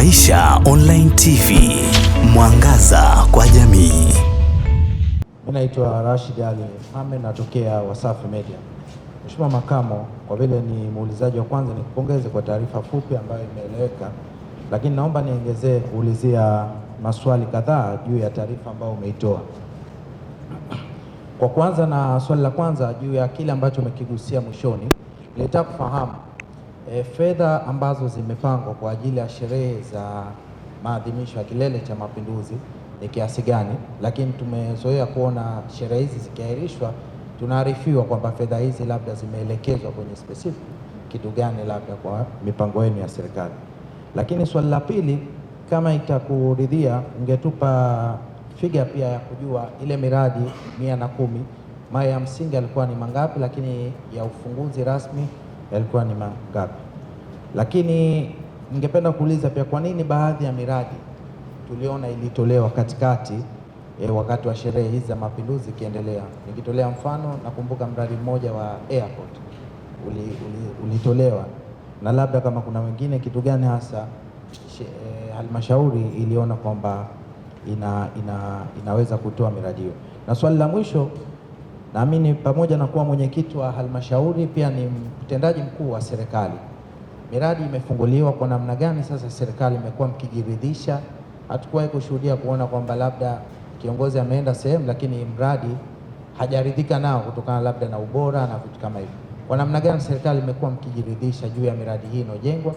Maisha Online TV, mwangaza kwa jamii. Mimi naitwa Rashid Ali Mohamed, natokea Wasafi Media. Mheshimiwa Makamo, kwa vile ni muulizaji wa kwanza, nikupongeze kwa taarifa fupi ambayo imeeleweka, lakini naomba niongezee kuulizia maswali kadhaa juu ya taarifa ambayo umeitoa. Kwa kwanza, na swali la kwanza juu ya kile ambacho umekigusia mwishoni, nilitaka kufahamu E, fedha ambazo zimepangwa kwa ajili ya sherehe za maadhimisho ya kilele cha mapinduzi ni kiasi gani? Lakini tumezoea kuona sherehe hizi zikiahirishwa, tunaarifiwa kwamba fedha hizi labda zimeelekezwa kwenye specific kitu gani, labda kwa mipango yenu ya serikali. Lakini swali la pili, kama itakuridhia, ungetupa figa pia ya kujua ile miradi mia na kumi maya ya msingi alikuwa ni mangapi, lakini ya ufunguzi rasmi yalikuwa ni mangapi? Lakini ningependa kuuliza pia kwa nini baadhi ya miradi tuliona ilitolewa katikati e, wakati wa sherehe hizi za mapinduzi ikiendelea. Nikitolea mfano, nakumbuka mradi mmoja wa airport uli, uli, ulitolewa na labda kama kuna wengine, kitu gani hasa e, halmashauri iliona kwamba ina, ina, inaweza kutoa miradi hiyo, na swali la mwisho Naamini pamoja na kuwa mwenyekiti wa halmashauri pia ni mtendaji mkuu wa serikali. Miradi imefunguliwa kwa namna gani? Sasa serikali imekuwa mkijiridhisha, hatukuwahi kushuhudia kuona kwamba labda kiongozi ameenda sehemu lakini mradi hajaridhika nao kutokana labda na ubora na vitu kama hivyo. Kwa namna gani serikali imekuwa mkijiridhisha juu ya miradi hii inayojengwa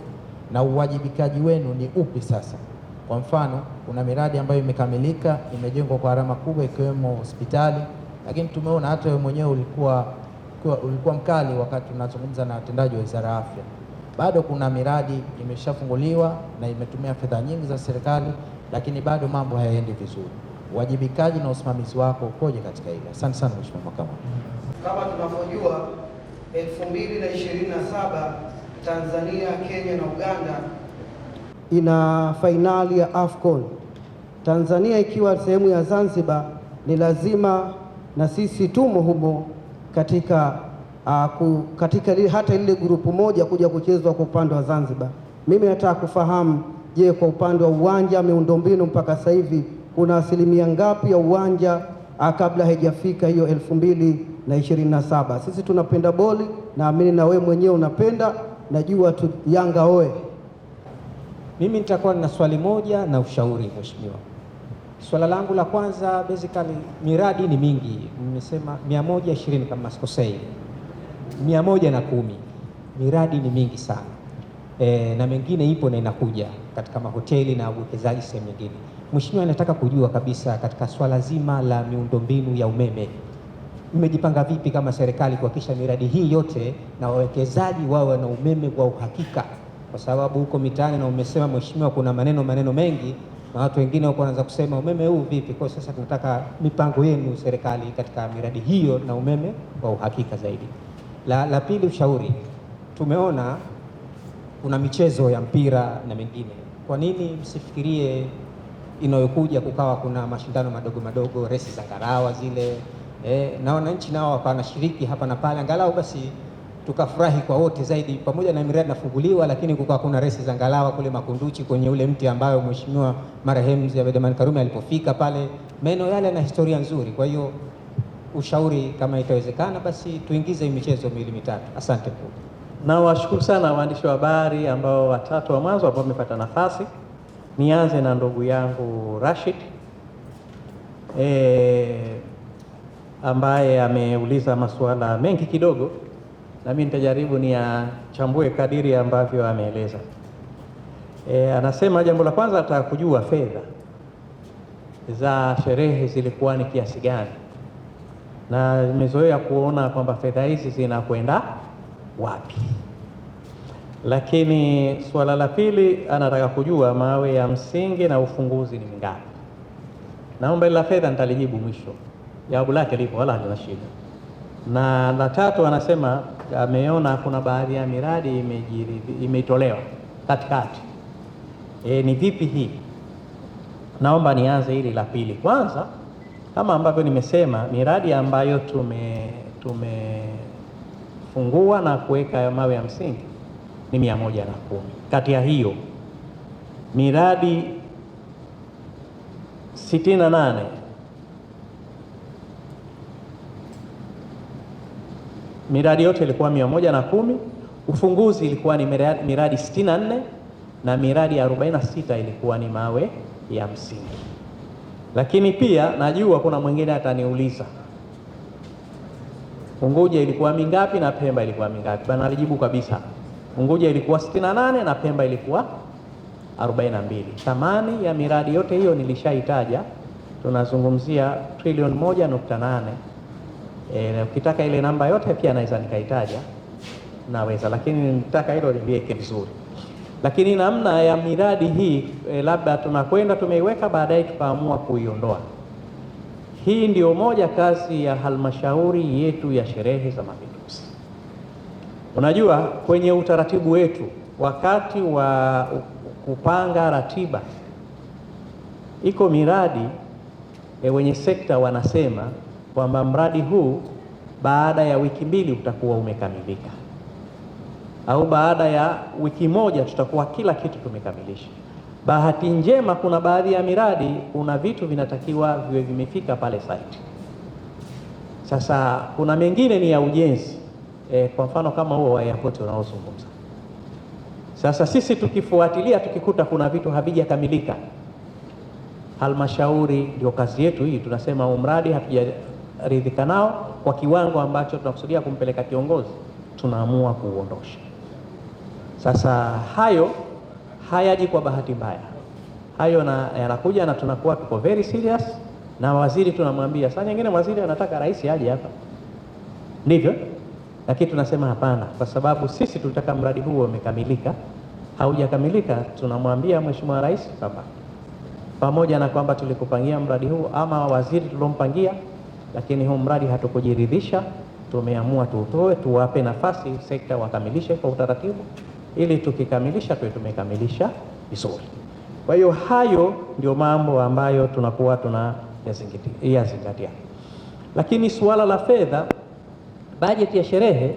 na uwajibikaji wenu ni upi sasa? Kwa mfano, kuna miradi ambayo imekamilika, imejengwa kwa gharama kubwa, ikiwemo hospitali lakini tumeona hata wewe mwenyewe ulikuwa, ulikuwa mkali wakati unazungumza na watendaji wa Wizara ya Afya. Bado kuna miradi imeshafunguliwa na imetumia fedha nyingi za serikali, lakini bado mambo hayaendi vizuri. Uwajibikaji na usimamizi wako ukoje katika hili? Asante sana Mheshimiwa Makamu. Kama tunavyojua 2027 Tanzania, Kenya na Uganda ina fainali ya AFCON. Tanzania ikiwa sehemu ya Zanzibar, ni lazima na sisi tumo humo katika uh, ku, katika li, hata lile grupu moja kuja kuchezwa kwa upande wa Zanzibar. Mimi nataka kufahamu, je, kwa upande wa uwanja, miundombinu mpaka sasa hivi kuna asilimia ngapi ya uwanja ah, kabla haijafika hiyo elfu mbili na ishirini na saba? Sisi tunapenda boli, naamini na we mwenyewe unapenda, najua tu Yanga oe. Mimi nitakuwa na swali moja na ushauri mheshimiwa. Swala langu la kwanza basically, miradi ni mingi, nimesema 120 kama sikosei, 110 miradi ni mingi sana e, na mengine ipo na inakuja katika mahoteli na uwekezaji sehemu nyingine. Mheshimiwa, nataka kujua kabisa katika swala zima la miundombinu ya umeme mmejipanga vipi kama serikali kuhakikisha miradi hii yote na wawekezaji wawe na umeme wa uhakika, kwa sababu huko mitaani na umesema mheshimiwa, kuna maneno maneno mengi na watu wengine wako wanaanza kusema umeme huu vipi? Kwa sasa tunataka mipango yenu serikali katika miradi hiyo na umeme wa uhakika zaidi. La, la pili, ushauri. Tumeona kuna michezo ya mpira na mengine, kwa nini msifikirie inayokuja kukawa kuna mashindano madogo madogo, resi za ngarawa zile eh, na wananchi nao wakawa wanashiriki hapa na pale, angalau basi tukafurahi kwa wote zaidi, pamoja na miradi nafunguliwa, lakini kukawa kuna resi za ngalawa kule Makunduchi kwenye ule mti ambayo mheshimiwa marehemu Mzee Abeid Karume alipofika pale, maeneo yale yana historia nzuri. Kwa hiyo ushauri, kama itawezekana, basi tuingize michezo miwili mitatu. Asante kwa na washukuru sana waandishi wa habari ambao watatu wa mwanzo ambao wamepata nafasi. Nianze na ndugu yangu Rashid e, ambaye ameuliza masuala mengi kidogo nami nitajaribu niyachambue kadiri ambavyo ameeleza. E, anasema jambo la kwanza nataka kujua fedha za sherehe zilikuwa ni kiasi gani, na nimezoea kuona kwamba fedha hizi zinakwenda wapi. Lakini suala la pili anataka kujua mawe ya msingi na ufunguzi ni mingapi. Naomba la fedha nitalijibu mwisho, jawabu lake lipo, wala halina shida na la tatu anasema ameona kuna baadhi ya miradi imetolewa katikati. E, ni vipi hii? Naomba nianze hili la pili kwanza. Kama ambavyo nimesema, miradi ambayo tume tumefungua na kuweka mawe ya msingi ni mia moja na kumi. Kati ya hiyo miradi sitini na nane miradi yote ilikuwa mia moja na kumi. Ufunguzi ilikuwa ni miradi, 64 na miradi 46 ilikuwa ni mawe ya msingi. Lakini pia najua kuna mwingine ataniuliza Unguja ilikuwa mingapi na Pemba ilikuwa mingapi? Bana alijibu kabisa, Unguja ilikuwa 68 na Pemba ilikuwa 42. Thamani ya miradi yote hiyo nilishaitaja, tunazungumzia trilioni 1.8. E, ukitaka ile namba yote pia naweza nikaitaja, naweza lakini nitaka hilo liweke vizuri. Lakini namna ya miradi hii e, labda tunakwenda tumeiweka, baadaye tukaamua kuiondoa. Hii ndio moja kazi ya halmashauri yetu ya sherehe za Mapinduzi. Unajua, kwenye utaratibu wetu wakati wa kupanga ratiba iko miradi e, wenye sekta wanasema kwamba mradi huu baada ya wiki mbili utakuwa umekamilika au baada ya wiki moja tutakuwa kila kitu tumekamilisha. Bahati njema, kuna baadhi ya miradi kuna vitu vinatakiwa viwe vimefika pale site. Sasa kuna mengine ni ya ujenzi e, kwa mfano kama huo wa airport unaozungumza. Sasa sisi tukifuatilia tukikuta kuna vitu havijakamilika, halmashauri ndio kazi yetu hii, tunasema huu mradi hatuja tunaridhika nao kwa kiwango ambacho tunakusudia kumpeleka kiongozi, tunaamua kuuondosha. Sasa hayo hayaji kwa bahati mbaya, hayo na, yanakuja na tunakuwa tuko very serious na waziri tunamwambia. Saa nyingine waziri anataka rais aje hapa, ndivyo, lakini tunasema hapana, kwa sababu sisi tunataka mradi huo umekamilika. Haujakamilika, tunamwambia mheshimiwa rais, baba, pamoja na kwamba tulikupangia mradi huu ama waziri tuliompangia lakini huu mradi hatukujiridhisha, tumeamua tuutoe, tuwape nafasi sekta wakamilishe kwa utaratibu, ili tukikamilisha tuwe tumekamilisha vizuri. Kwa hiyo hayo ndio mambo ambayo tunakuwa tunayazingatia, lakini suala la fedha, bajeti ya sherehe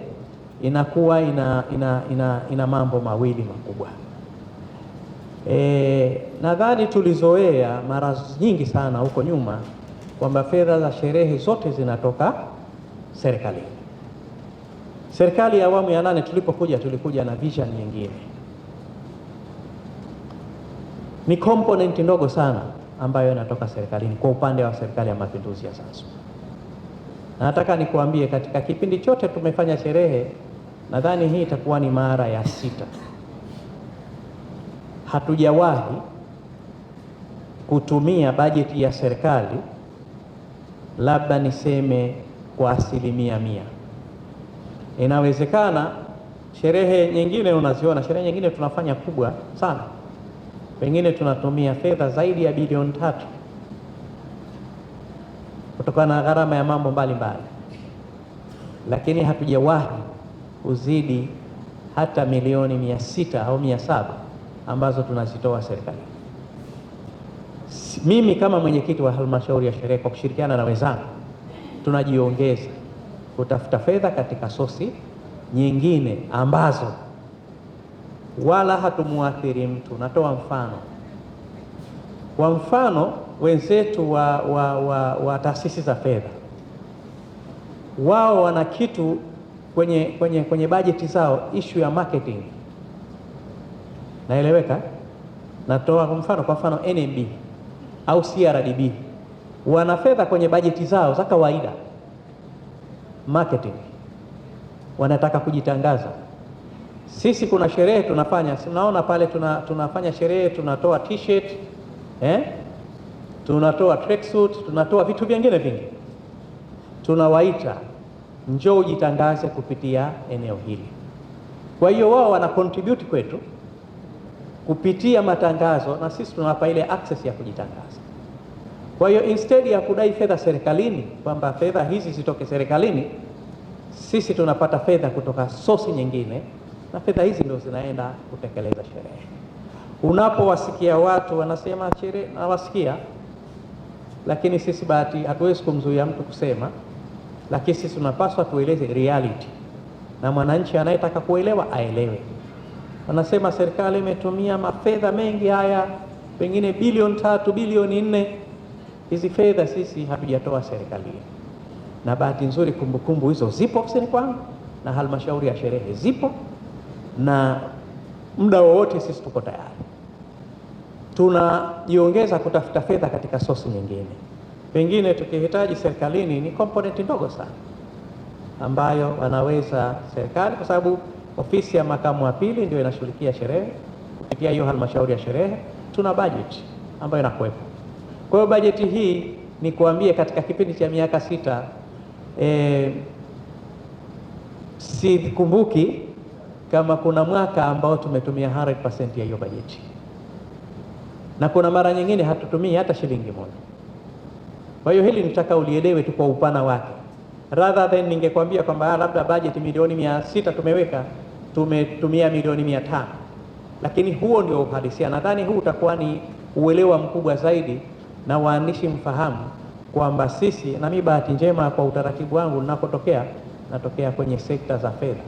inakuwa ina, ina, ina, ina mambo mawili makubwa. E, nadhani tulizoea mara nyingi sana huko nyuma kwamba fedha za sherehe zote zinatoka serikalini. Serikali ya awamu ya nane tulipokuja, tulikuja na vision nyingine, ni komponenti ndogo sana ambayo inatoka serikalini kwa upande wa Serikali ya Mapinduzi ya Zanzibar. nataka nikuambie katika kipindi chote tumefanya sherehe, nadhani hii itakuwa ni mara ya sita, hatujawahi kutumia bajeti ya serikali labda niseme kwa asilimia mia. Inawezekana sherehe nyingine unaziona, sherehe nyingine tunafanya kubwa sana, pengine tunatumia fedha zaidi ya bilioni tatu kutokana na gharama ya mambo mbalimbali, lakini hatujawahi kuzidi hata milioni mia sita au mia saba ambazo tunazitoa serikali mimi kama mwenyekiti wa halmashauri ya sherehe kwa kushirikiana na wenzangu tunajiongeza kutafuta fedha katika sosi nyingine ambazo wala hatumuathiri mtu. Natoa mfano, kwa mfano wenzetu wa, wa, wa, wa taasisi za fedha wao wana kitu kwenye, kwenye, kwenye bajeti zao ishu ya marketing. Naeleweka? Natoa mfano, kwa mfano NMB au CRDB wana fedha kwenye bajeti zao za kawaida, marketing, wanataka kujitangaza. Sisi kuna sherehe tunafanya, tunaona pale tuna, tunafanya sherehe, tunatoa t-shirt eh, tunatoa tracksuit, tunatoa vitu vingine vingi, tunawaita njoo ujitangaze kupitia eneo hili. Kwa hiyo wao wana contribute kwetu kupitia matangazo, na sisi tunawapa ile access ya kujitangaza. Kwa hiyo instead ya kudai fedha serikalini, kwamba fedha hizi zitoke serikalini, sisi tunapata fedha kutoka sosi nyingine, na fedha hizi ndio zinaenda kutekeleza sherehe. Unapowasikia watu wanasema sherehe, nawasikia, lakini sisi bahati hatuwezi kumzuia mtu kusema, lakini sisi tunapaswa tueleze reality, na mwananchi anayetaka kuelewa aelewe. Anasema serikali imetumia mafedha mengi haya, pengine bilioni tatu, bilioni nne. Hizi fedha sisi hatujatoa serikalini, na bahati nzuri kumbukumbu hizo zipo ofisini kwangu na halmashauri ya sherehe zipo, na muda wowote sisi tuko tayari. Tunajiongeza kutafuta fedha katika sosi nyingine, pengine tukihitaji serikalini ni komponenti ndogo sana ambayo wanaweza serikali kwa sababu Ofisi ya makamu wa pili ndio inashughulikia sherehe kupitia hiyo halmashauri ya sherehe. Tuna bajeti ambayo inakuwepo. Kwa hiyo bajeti hii ni kuambie, katika kipindi cha miaka sita e, sikumbuki kama kuna mwaka ambao tumetumia 100% ya hiyo bajeti, na kuna mara nyingine hatutumii hata shilingi moja. Kwa hiyo hili nitaka ulielewe tu kwa upana wake, rather than ningekwambia kwamba ah, labda bajeti milioni mia sita tumeweka tumetumia milioni mia tano, lakini huo ndio uhalisia. Nadhani huu utakuwa ni uelewa mkubwa zaidi na waandishi mfahamu kwamba sisi, na mi bahati njema kwa utaratibu wangu nnakotokea natokea kwenye sekta za fedha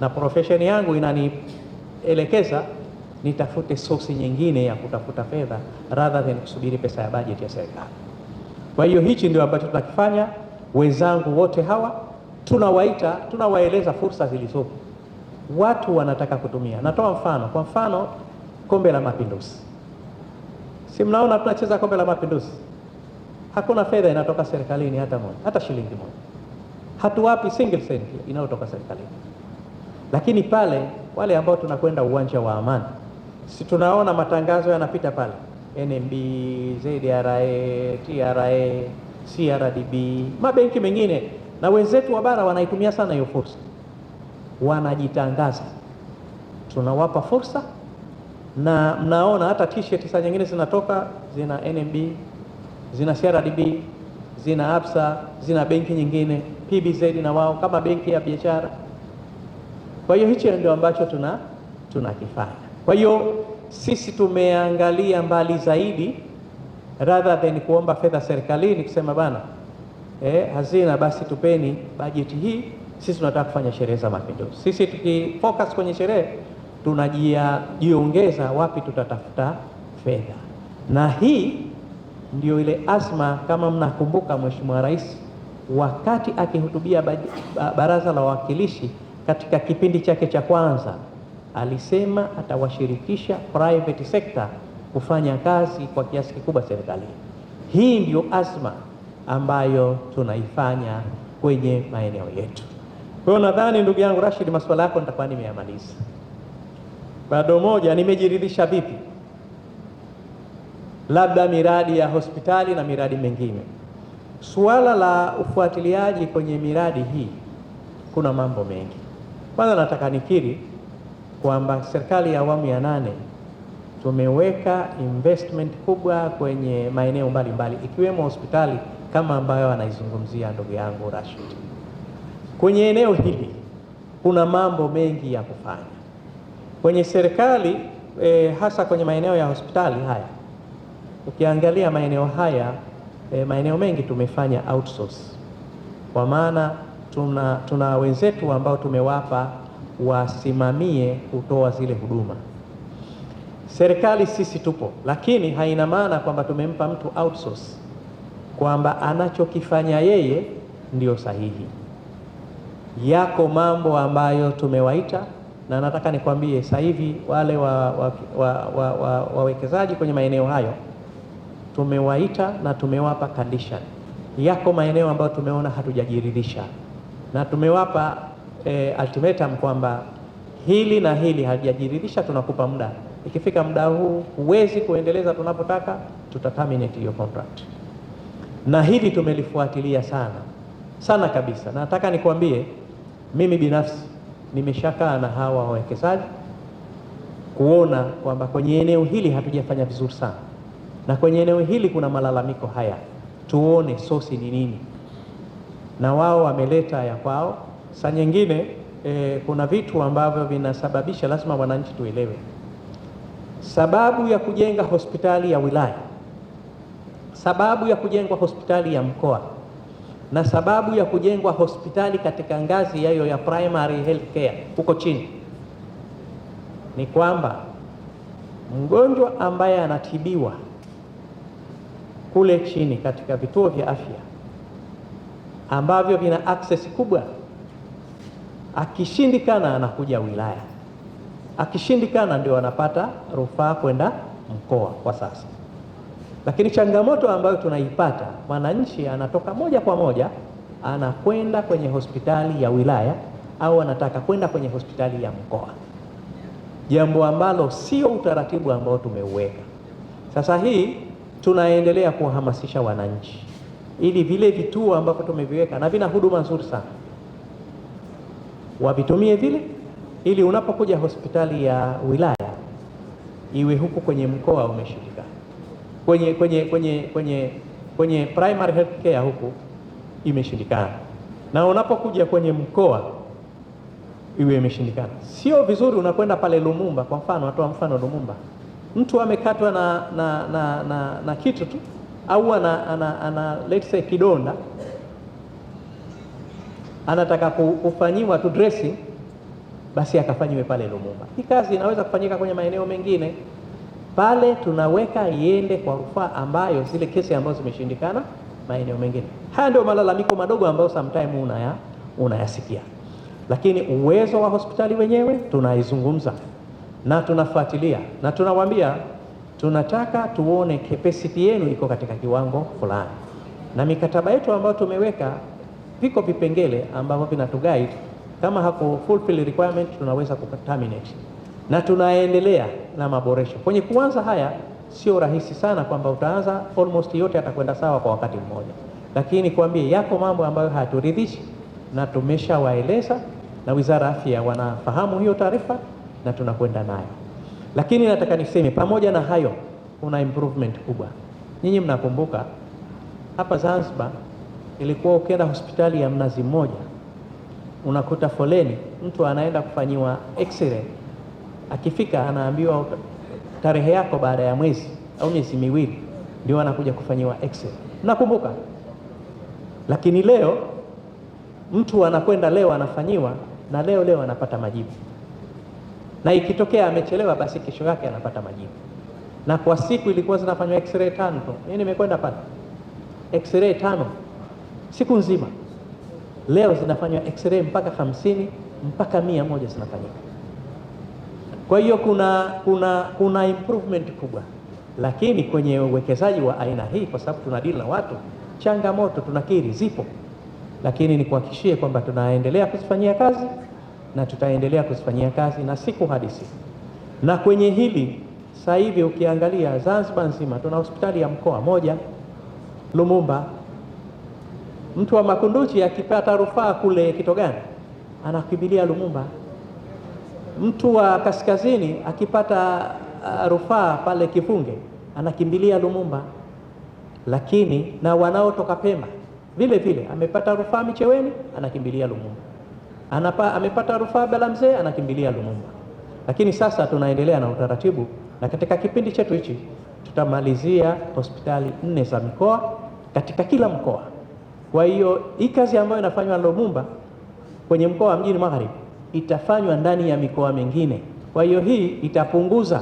na profesheni yangu inanielekeza nitafute sosi nyingine ya kutafuta fedha rather than kusubiri pesa ya bajeti ya serikali. Kwa hiyo hichi ndio ambacho tunakifanya. Wenzangu wote hawa tunawaita, tunawaeleza fursa zilizopo watu wanataka kutumia. Natoa mfano, kwa mfano kombe la Mapinduzi, si mnaona tunacheza kombe la Mapinduzi, hakuna fedha inatoka serikalini hata moja, hata shilingi moja, hatuwapi single cent inayotoka serikalini. Lakini pale wale ambao tunakwenda uwanja wa Amani, si tunaona matangazo yanapita pale NMB, ZRA, TRA, CRDB, mabenki mengine, na wenzetu wa bara wanaitumia sana hiyo fursa wanajitangaza, tunawapa fursa, na mnaona hata t-shirt saa nyingine zinatoka zina NMB zina CRDB zina ABSA zina benki nyingine PBZ na wao kama benki ya biashara. Kwa hiyo hicho ndio ambacho tuna tunakifanya. Kwa hiyo sisi tumeangalia mbali zaidi rather than kuomba fedha serikalini kusema bana eh, hazina basi tupeni bajeti hii sisi tunataka kufanya sherehe za mapinduzi. Sisi tukifocus kwenye sherehe tunajiongeza wapi tutatafuta fedha, na hii ndio ile azma, kama mnakumbuka, Mheshimiwa Rais wakati akihutubia Baraza la Wawakilishi katika kipindi chake cha kwanza alisema atawashirikisha private sector kufanya kazi kwa kiasi kikubwa serikalini. Hii ndiyo azma ambayo tunaifanya kwenye maeneo yetu. Kwa hiyo nadhani ndugu yangu Rashid, maswala yako nitakuwa nimeyamaliza. Bado moja, nimejiridhisha vipi labda miradi ya hospitali na miradi mingine. Suala la ufuatiliaji kwenye miradi hii kuna mambo mengi. Kwanza nataka nikiri kwamba serikali ya awamu ya nane tumeweka investment kubwa kwenye maeneo mbalimbali ikiwemo hospitali kama ambayo anaizungumzia ndugu yangu Rashid. Kwenye eneo hili kuna mambo mengi ya kufanya kwenye serikali e, hasa kwenye maeneo ya hospitali haya. Ukiangalia maeneo haya e, maeneo mengi tumefanya outsource, kwa maana tuna, tuna wenzetu ambao tumewapa wasimamie kutoa zile huduma. Serikali sisi tupo, lakini haina maana kwamba tumempa mtu outsource kwamba anachokifanya yeye ndio sahihi yako mambo ambayo tumewaita na nataka nikwambie sasa hivi wale wawekezaji wa, wa, wa, wa, wa kwenye maeneo hayo tumewaita na tumewapa condition. Yako maeneo ambayo tumeona hatujajiridhisha na tumewapa e, ultimatum kwamba hili na hili halijajiridhisha, tunakupa muda, ikifika muda huu huwezi kuendeleza tunapotaka, tuta terminate hiyo contract. Na hili tumelifuatilia sana sana kabisa, nataka nikwambie mimi binafsi nimeshakaa na hawa wawekezaji kuona kwamba kwenye eneo hili hatujafanya vizuri sana, na kwenye eneo hili kuna malalamiko haya, tuone sosi ni nini, na wao wameleta ya kwao. Saa nyingine e, kuna vitu ambavyo vinasababisha, lazima wananchi tuelewe. Sababu ya kujenga hospitali ya wilaya, sababu ya kujengwa hospitali ya mkoa na sababu ya kujengwa hospitali katika ngazi yayo ya primary health care huko chini ni kwamba mgonjwa ambaye anatibiwa kule chini katika vituo vya afya ambavyo vina access kubwa, akishindikana anakuja wilaya, akishindikana ndio anapata rufaa kwenda mkoa kwa sasa. Lakini changamoto ambayo tunaipata, mwananchi anatoka moja kwa moja anakwenda kwenye hospitali ya wilaya au anataka kwenda kwenye hospitali ya mkoa, jambo ambalo sio utaratibu ambao tumeuweka. Sasa hii tunaendelea kuwahamasisha wananchi ili vile vituo ambavyo tumeviweka na vina huduma nzuri sana wavitumie vile, ili unapokuja hospitali ya wilaya iwe huku kwenye mkoa umeshirika kwenye kwenye kwenye kwenye kwenye primary health care huku imeshindikana, na unapokuja kwenye mkoa iwe imeshindikana. Sio vizuri unakwenda pale Lumumba, kwa mfano, atoa mfano Lumumba, mtu amekatwa na na, na, na, na kitu tu au ana, ana, ana let's say kidonda anataka kufanyiwa tu dressing, basi akafanyiwe pale Lumumba. Hii kazi inaweza kufanyika kwenye maeneo mengine pale tunaweka iende kwa rufaa ambayo zile kesi ambazo zimeshindikana maeneo mengine. Haya ndio malalamiko madogo ambayo sometime unaya unayasikia, lakini uwezo wa hospitali wenyewe tunaizungumza na tunafuatilia na tunawaambia, tunataka tuone capacity yenu iko katika kiwango fulani, na mikataba yetu ambayo tumeweka, viko vipengele ambavyo vinatuguide. Kama hako fulfill requirement, tunaweza kuterminate na tunaendelea na maboresho kwenye kuanza haya. Sio rahisi sana kwamba utaanza almost yote atakwenda sawa kwa wakati mmoja, lakini kuambie yako mambo ambayo hayaturidhishi na tumeshawaeleza, na wizara ya afya wanafahamu hiyo taarifa na tunakwenda nayo. Lakini nataka niseme pamoja na hayo, kuna improvement kubwa. Nyinyi mnakumbuka hapa Zanzibar ilikuwa ukienda hospitali ya Mnazi Mmoja unakuta foleni, mtu anaenda kufanyiwa x-ray Akifika anaambiwa tarehe yako baada ya mwezi au miezi miwili ndio anakuja kufanyiwa x-ray. Nakumbuka. Lakini leo mtu anakwenda leo anafanyiwa na leo leo anapata majibu, na ikitokea amechelewa, basi kesho yake anapata majibu. Na kwa siku ilikuwa zinafanywa x-ray tano tu. Mimi nimekwenda pale x-ray tano siku nzima. Leo zinafanywa x-ray mpaka hamsini mpaka mia moja zinafanyika. Kwa hiyo kuna, kuna, kuna improvement kubwa, lakini kwenye uwekezaji wa aina hii, kwa sababu tunadili na watu, changamoto tunakiri zipo, lakini nikuhakikishie kwamba tunaendelea kuzifanyia kazi na tutaendelea kuzifanyia kazi na siku hadi siku. Na kwenye hili sasa hivi ukiangalia Zanzibar nzima tuna hospitali ya mkoa moja Lumumba. Mtu wa Makunduchi akipata rufaa kule Kitogani anakimbilia Lumumba. Mtu wa kaskazini akipata uh, rufaa pale kifunge anakimbilia Lumumba, lakini na wanaotoka Pemba vile vile, amepata rufaa Micheweni anakimbilia Lumumba, anapa, amepata rufaa mzee anakimbilia Lumumba. Lakini sasa tunaendelea na utaratibu, na katika kipindi chetu hichi tutamalizia hospitali nne za mikoa katika kila mkoa. Kwa hiyo hii kazi ambayo inafanywa Lumumba kwenye mkoa wa Mjini Magharibi itafanywa ndani ya mikoa mingine. Kwa hiyo hii itapunguza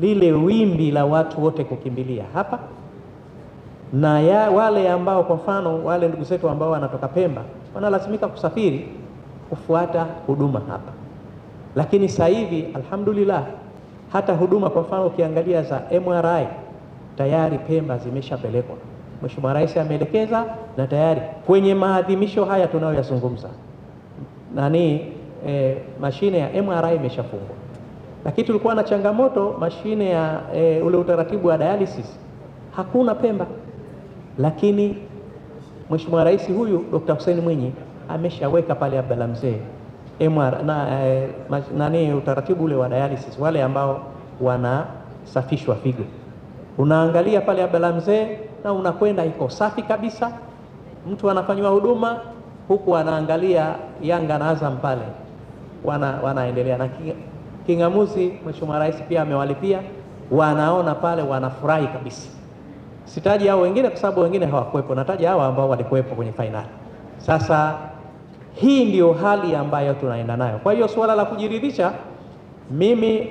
lile wimbi la watu wote kukimbilia hapa na ya, wale ambao kwa mfano wale ndugu zetu ambao wanatoka Pemba wanalazimika kusafiri kufuata huduma hapa, lakini sasa hivi alhamdulillah, hata huduma kwa mfano ukiangalia za MRI tayari Pemba zimeshapelekwa. Mheshimiwa Rais ameelekeza, na tayari kwenye maadhimisho haya tunayoyazungumza nani e, mashine ya MRI imeshafungwa, lakini tulikuwa na changamoto mashine ya e, ule utaratibu wa dialysis hakuna Pemba, lakini Mheshimiwa Rais huyu Dr. Hussein Mwinyi ameshaweka pale Abdalla Mzee MR na e, nani utaratibu ule wa dialysis, wale ambao wanasafishwa figo, unaangalia pale Abdalla Mzee na unakwenda, iko safi kabisa, mtu anafanywa huduma huku wanaangalia Yanga na Azam pale wana, wanaendelea na kingamuzi. Mheshimiwa Rais pia amewalipia, wanaona pale wanafurahi kabisa. Sitaji hao wengine kwa sababu wengine hawakuwepo, nataja hawa ambao walikuwepo kwenye fainali. Sasa hii ndiyo hali ambayo tunaenda nayo. Kwa hiyo suala la kujiridhisha, mimi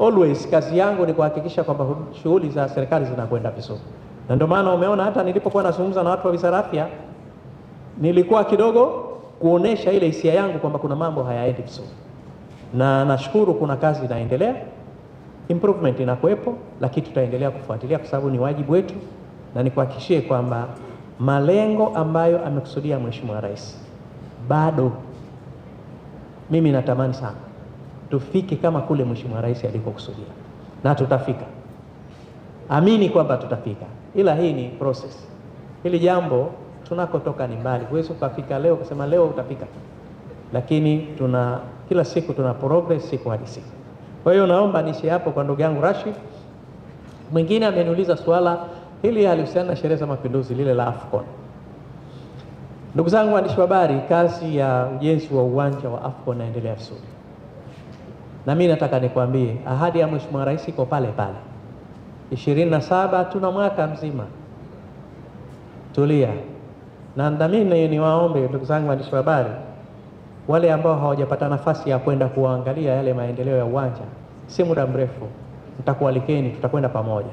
always kazi yangu ni kuhakikisha kwamba shughuli za serikali zinakwenda vizuri, na ndio maana umeona hata nilipokuwa nazungumza na watu wa wizara afya nilikuwa kidogo kuonesha ile hisia yangu kwamba kuna mambo hayaendi vizuri, na nashukuru kuna kazi inaendelea, improvement inakuwepo, lakini tutaendelea kufuatilia kwa sababu ni wajibu wetu, na nikuhakikishie kwamba malengo ambayo amekusudia Mheshimiwa Rais bado mimi natamani sana tufike kama kule Mheshimiwa Rais alikokusudia, na tutafika. Amini kwamba tutafika, ila hii ni process. Hili jambo tunakotoka ni mbali, huwezi ukafika leo ukasema leo utafika, lakini tuna kila siku tuna progress siku hadi siku. Kwa hiyo naomba niishi hapo kwa ndugu yangu Rashid. Mwingine ameniuliza swala hili alihusiana na sherehe za mapinduzi lile la Afcon. Ndugu zangu waandishi wa habari, kazi ya ujenzi wa uwanja wa Afcon inaendelea vizuri, na mimi nataka nikwambie ahadi ya Mheshimiwa Rais iko pale pale 27 Tuna mwaka mzima, tulia na ndamini niwaombe ndugu zangu waandishi wa habari, wale ambao hawajapata nafasi ya kwenda kuangalia yale maendeleo ya uwanja, si muda mrefu nitakualikeni, tutakwenda pamoja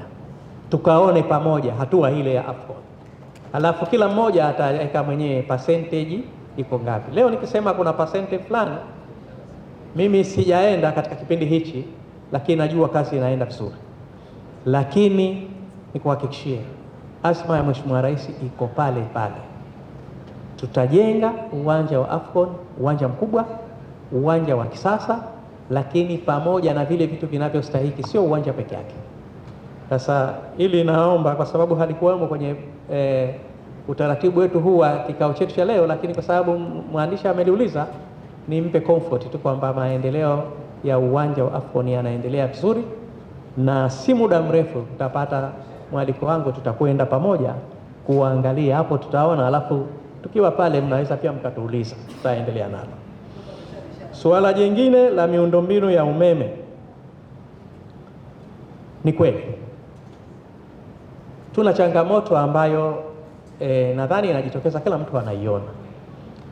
tukaone pamoja hatua ile ya AFCON, alafu kila mmoja ataweka mwenyewe percentage iko ngapi. Leo nikisema kuna percentage fulani, mimi sijaenda katika kipindi hichi, lakini najua kazi inaenda vizuri, lakini nikuhakikishie azma ya Mheshimiwa Rais iko pale pale. Tutajenga uwanja wa Afcon, uwanja mkubwa, uwanja wa kisasa, lakini pamoja na vile vitu vinavyostahiki, sio uwanja peke yake. Sasa ili naomba kwa sababu halikuwemo kwenye e, utaratibu wetu huu wa kikao chetu cha leo, lakini kwa sababu mwandishi ameliuliza, nimpe comfort tu kwamba maendeleo ya uwanja wa Afcon yanaendelea vizuri, na si muda mrefu tutapata mwaliko wangu, tutakwenda pamoja kuangalia hapo, tutaona alafu Tukiwa pale, mnaweza pia mkatuuliza, tutaendelea nalo. Suala jingine la miundombinu ya umeme, ni kweli tuna changamoto ambayo e, nadhani inajitokeza, kila mtu anaiona,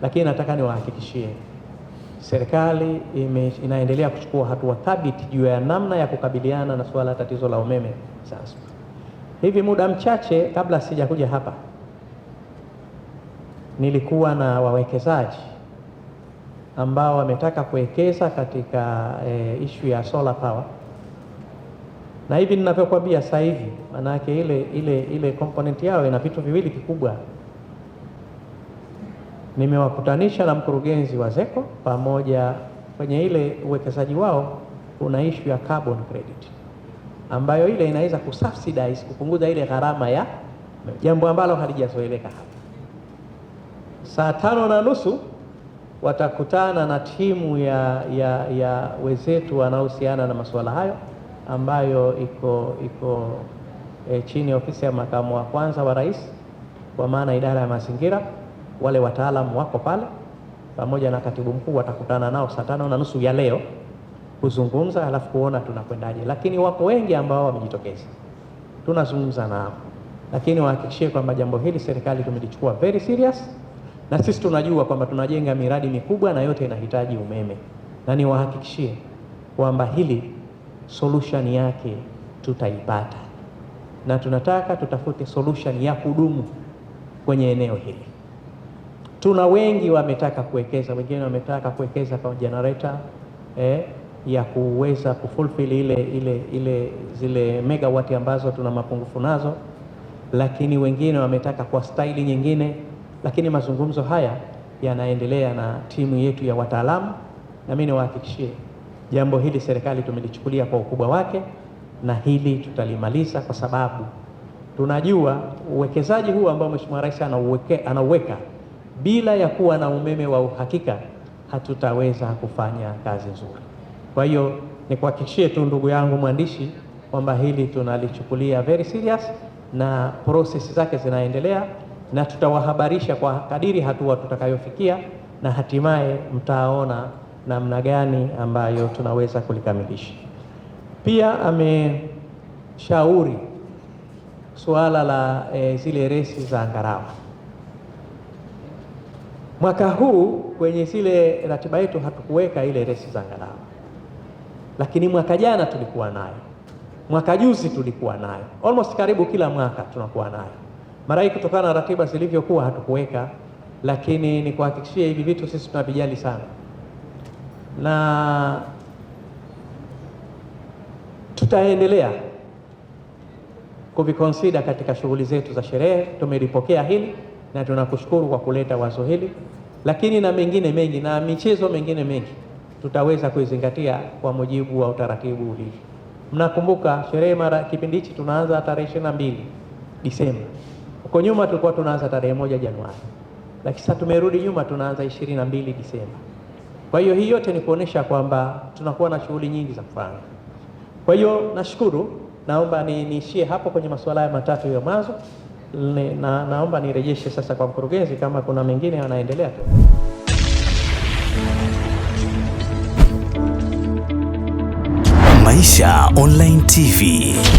lakini nataka niwahakikishie serikali ime, inaendelea kuchukua hatua thabiti juu ya namna ya kukabiliana na suala tatizo la umeme sasa Hivi muda mchache kabla sijakuja hapa nilikuwa na wawekezaji ambao wametaka kuwekeza katika e, eh, ishu ya solar power, na hivi ninavyokuambia sasa hivi, maanake ile ile ile component yao ina vitu viwili vikubwa. Nimewakutanisha na mkurugenzi wa ZECO pamoja. Kwenye ile uwekezaji wao kuna ishu ya carbon credit ambayo ile inaweza kusubsidize kupunguza ile gharama ya jambo ambalo halijazoeleka hapa saa tano na nusu watakutana na timu ya, ya, ya wenzetu wanaohusiana na masuala hayo ambayo iko iko e, chini ya ofisi ya makamu wa kwanza wa rais, kwa maana idara ya mazingira. Wale wataalamu wako pale pamoja na katibu mkuu, watakutana nao saa tano na nusu ya leo kuzungumza, halafu kuona tunakwendaje. Lakini wako wengi ambao wamejitokeza, tunazungumza nao, lakini wahakikishie kwamba jambo hili serikali tumelichukua very serious na sisi tunajua kwamba tunajenga miradi mikubwa na yote inahitaji umeme, na niwahakikishie kwamba hili solution yake tutaipata, na tunataka tutafute solution ya kudumu kwenye eneo hili. Tuna wengi wametaka kuwekeza, wengine wametaka kuwekeza kwa generator eh, ya kuweza kufulfill ile, ile, ile zile megawati ambazo tuna mapungufu nazo, lakini wengine wametaka kwa staili nyingine lakini mazungumzo haya yanaendelea na timu yetu ya wataalamu, na mimi niwahakikishie jambo hili serikali tumelichukulia kwa ukubwa wake, na hili tutalimaliza kwa sababu tunajua uwekezaji huu ambao Mheshimiwa Rais anauweka bila ya kuwa na umeme wa uhakika hatutaweza kufanya kazi nzuri. Kwa hiyo nikuhakikishie tu ndugu yangu mwandishi kwamba hili tunalichukulia very serious na prosesi zake zinaendelea na tutawahabarisha kwa kadiri hatua tutakayofikia, na hatimaye mtaona namna gani ambayo tunaweza kulikamilisha. Pia ameshauri suala la e, zile resi za ngarawa. Mwaka huu kwenye zile ratiba yetu hatukuweka ile resi za ngarawa, lakini mwaka jana tulikuwa nayo, mwaka juzi tulikuwa nayo, almost karibu kila mwaka tunakuwa nayo. Marai kutokana na ratiba zilivyokuwa hatukuweka, lakini nikuhakikishie hivi vitu sisi tunavijali sana na tutaendelea kuvikonsida katika shughuli zetu za sherehe. Tumelipokea hili na tunakushukuru kwa kuleta wazo hili, lakini na mengine mengi na michezo mengine mengi tutaweza kuizingatia kwa mujibu wa utaratibu ulivyo. Mnakumbuka sherehe mara kipindi hichi tunaanza tarehe ishirini na mbili Disemba. Huko nyuma tulikuwa tunaanza tarehe moja Januari, lakini sasa tumerudi nyuma, tunaanza ishirini na mbili Disemba. Kwa hiyo hii yote ni kuonesha kwamba tunakuwa na shughuli nyingi za kufanya. Kwa hiyo nashukuru, naomba ni, niishie hapo kwenye masuala haya matatu ya mwanzo na, naomba nirejeshe sasa kwa mkurugenzi kama kuna mengine yanaendelea tu. Maisha Online TV.